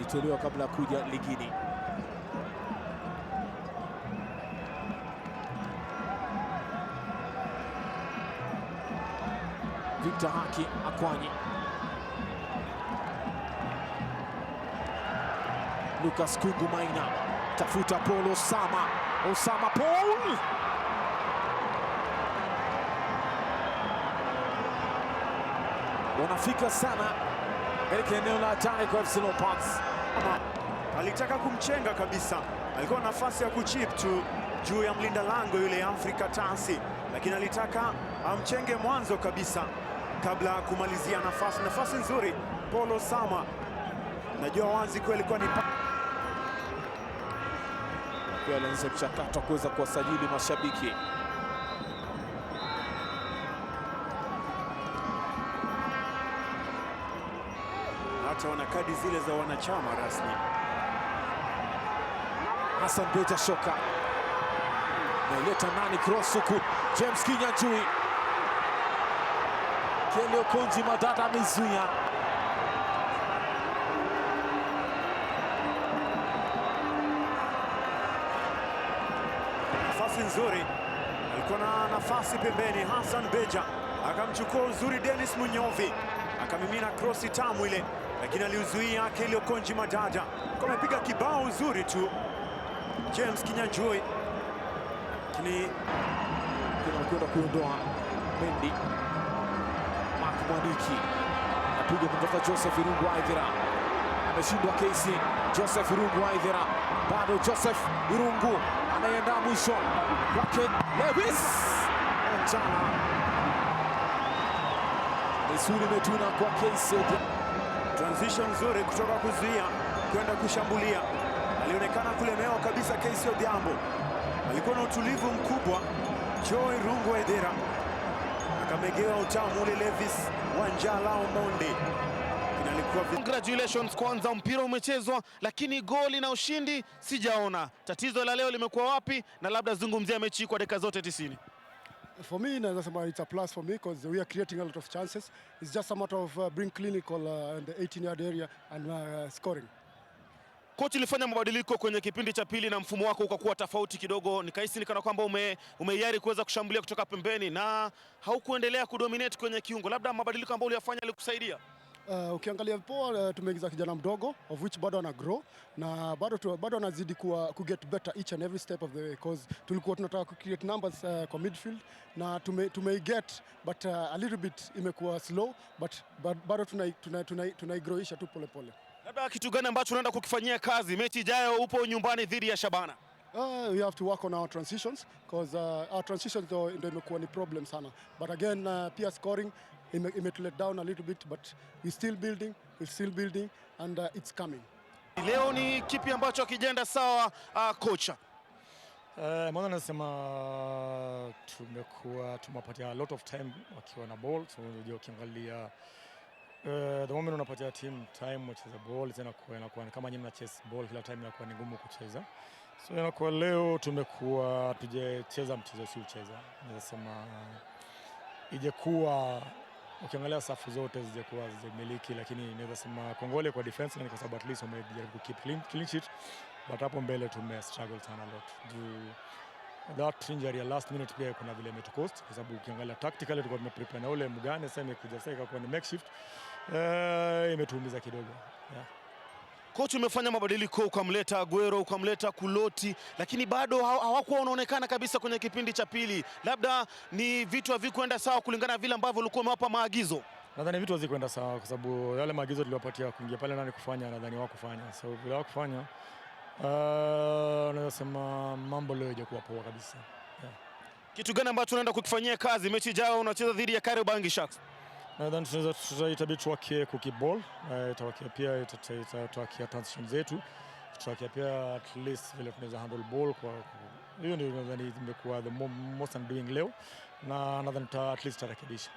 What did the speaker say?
alitolewa kabla ya kuja ligini. Victor Haki Akwanyi, Lucas Kungu Maina, tafuta Paul Osama, Osama Paul wanafika sana katika eneo la hatari kwa FC Leopards alitaka kumchenga kabisa, alikuwa nafasi ya kuchip tu juu ya mlinda lango yule Afrika Tasi, lakini alitaka amchenge mwanzo kabisa kabla kumalizia nafasi. Nafasi nzuri Polo Sama, najua wazi kwa ilikuwa ni alianza mchakato kuweza kuwasajili mashabiki. wataona kadi zile za wanachama rasmi. Hassan Beja Shoka naileta nani cross huku James Kinyanjui Kelio Konji Madada amezuia nafasi nzuri, alikuwa na nafasi pembeni. Hassan Beja akamchukua uzuri Dennis Munyovi akamimina krosi tamu ile lakini aliuzuia Kelio Konji Madada, amepiga kibao uzuri tu James Kinyanjui, lakini kinakwenda kuondoa Mendi. Mark Mwaniki anapiga kutoka Joseph Irungu Aithira, ameshindwa kesi. Joseph Irungu Aithira, bado Joseph Irungu anaenda mwisho wake. Lewis Onjala, misuli imetuna kwa kesi. Transition nzuri kutoka kuzuia kwenda kushambulia. Alionekana kulemewa kabisa Casey Odhiambo. Alikuwa na utulivu mkubwa Joy Rungwe Edera. Akamegewa utamu ule Levis Wanjala Omonde. Inalikuwa congratulations kwanza, mpira umechezwa, lakini goli na ushindi sijaona. Tatizo la leo limekuwa wapi? Na labda zungumzia mechi kwa dakika zote tisini for me naweza sema it's a plus for me because we are creating a lot of chances it's just a matter of uh, being clinical uh, in the 18 yard area and uh, scoring Kocha, ulifanya mabadiliko kwenye kipindi cha pili na mfumo wako ukakuwa tofauti kidogo, nikahisi nikana kwamba ume umeyari kuweza kushambulia kutoka pembeni na haukuendelea kudominate kwenye kiungo, labda mabadiliko ambayo uliyafanya yalikusaidia? Uh, ukiangalia poa eh, tumeingiza kijana mdogo of which bado ana grow na bado tu, bado anazidi kuwa ku get better each and every step of the way because tulikuwa tunataka ku create numbers uh, kwa midfield na tume, tume get but uh, a little bit imekuwa slow but, but bado tuna tuna tuna, tuna growisha tu pole pole. Labda kitu gani ambacho unaenda kukifanyia kazi mechi ijayo upo nyumbani dhidi ya Shabana? Uh, we have to work on our transitions because uh, our transitions ndio imekuwa ni problem sana but again uh, pia scoring it may let down a little bit but we still building, we still building and uh, it's coming. Leo ni kipi ambacho kijenda sawa uh, kocha? Uh, mwanzo nasema tumekuwa tumewapatia a lot of time wakiwa na ball, so ukiangalia Uh, the moment unapatia team time wacheza ball tena inakuwa kama nyinyi mna chase ball kila time inakuwa ni ngumu kucheza, so inakuwa leo tumekuwa tujecheza mchezo si ucheza, naweza sema uh, ijekuwa ukiangalia safu zote zijakuwa zimiliki, lakini naweza sema kongole kwa defense, na kwa sababu at least wamejaribu keep clean, clean sheet, but hapo mbele tume struggle sana lot juu that injury ya last minute pia kuna vile cost kwa sababu ukiangalia tactically tulikuwa prepare na ule mgane sasa imekuja sasa ikakuwa ni makeshift, uh, imetuumiza kidogo yeah. Kocha umefanya mabadiliko, ukamleta Aguero, ukamleta Kuloti, lakini bado hawakuwa wanaonekana kabisa kwenye kipindi cha pili. Labda ni vitu havikuenda sawa kulingana na vile ambavyo ulikuwa umewapa maagizo. Nadhani vitu hazikwenda sawa kwa sababu yale maagizo tuliwapatia kuingia pale nani kufanya, nadhani hawakufanya. So bila hawakufanya, uh, naweza sema mambo leo hayajakuwa poa kabisa. Yeah. Kitu gani ambacho unaenda kukifanyia kazi mechi ijayo unacheza dhidi ya Kariobangi Sharks? nadhani tutabidi tuwakie kuki ball, itawakia pia tutawakia transition zetu, tutawakia pia at least vile tunaweza handle ball. Kwa hiyo ndio nadhani imekuwa the most I'm doing leo, na nadhani at least tutarekebisha